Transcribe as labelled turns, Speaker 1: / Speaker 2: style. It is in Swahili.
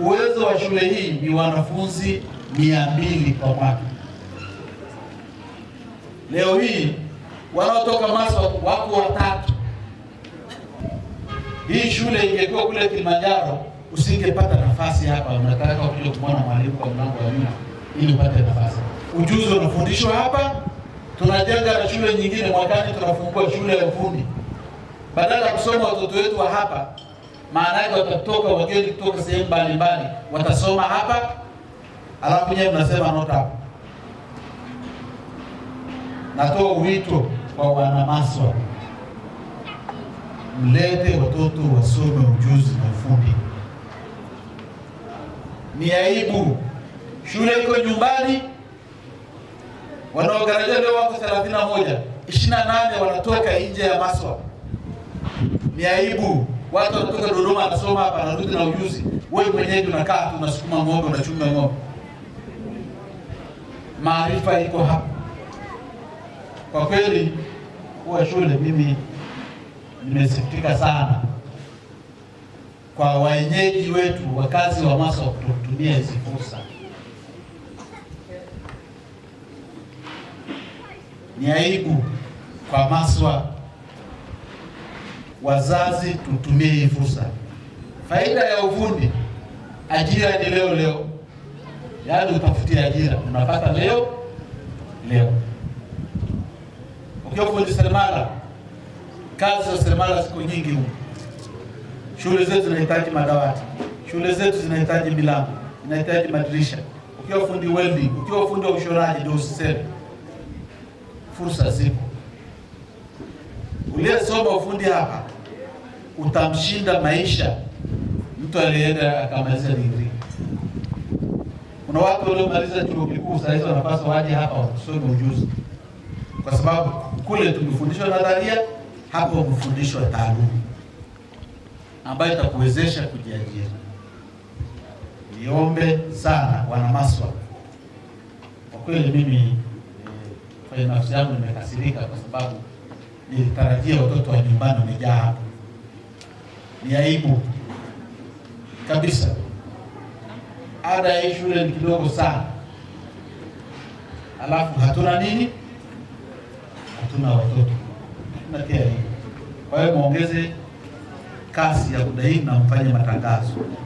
Speaker 1: uwezo wa shule hii ni wanafunzi mia mbili kwa mwaka. Leo hii wanaotoka Maswa wako watatu. Hii shule ingekuwa kule Kilimanjaro usingepata nafasi hapa. Unataka kuja kumwona mwalimu kwa mlango wa nyuma ili upate nafasi. Ujuzi unafundishwa hapa. Tunajenga na shule nyingine, mwakani tunafungua shule ya ufundi, badala ya kusoma watoto wetu wa hapa maana yake watatoka wageni kutoka sehemu mbalimbali, watasoma hapa, alafu nyewe mnasema nota Natoa wito kwa wanamaswa, mlete watoto wasome ujuzi na ufundi. Ni aibu, shule iko nyumbani, wanaogarajia leo wako 31 28 wanatoka nje ya Maswa, ni aibu watu wanatoka Dodoma, anasoma hapa, anarudi na ujuzi. Wewe mwenyewe unakaa unasukuma ng'ombe, unachunga ng'ombe. Maarifa iko hapa kwa kweli. Kuwa shule mimi nimesikitika sana kwa wenyeji wetu wakazi wa Maswa kutokutumia hizi fursa. Ni aibu kwa Maswa wazazi tutumie hii fursa. Faida ya ufundi, ajira ni leo leo, yaani utafutie ajira unapata leo leo. Ukiwa fundi seremala, kazi za seremala siku nyingi huko. Shule zetu zinahitaji madawati, shule zetu zinahitaji milango, zinahitaji madirisha. Ukiwa fundi welding, ukiwa fundi wa ushonaji, ndio usiseme, fursa zipo. Uliyesoma ufundi hapa utamshinda maisha mtu aliyeenda akamaliza digrii. Kuna watu waliomaliza chuo kikuu saa hizi wanapaswa waje hapa wakusome ujuzi, kwa sababu kule tumefundishwa nadharia, hapo wamefundishwa taaluma ambayo itakuwezesha kujiajiri. Niombe sana wana Maswa, kwa kweli mimi eh, kwenye nafsi yangu nimekasirika, kwa sababu nilitarajia watoto wa nyumbani wamejaa hapa ni aibu kabisa. Ada ya shule ni kidogo sana, alafu hatuna nini, hatuna watoto, hatuna Kwa hiyo muongeze kasi ya kudai na mfanye matangazo.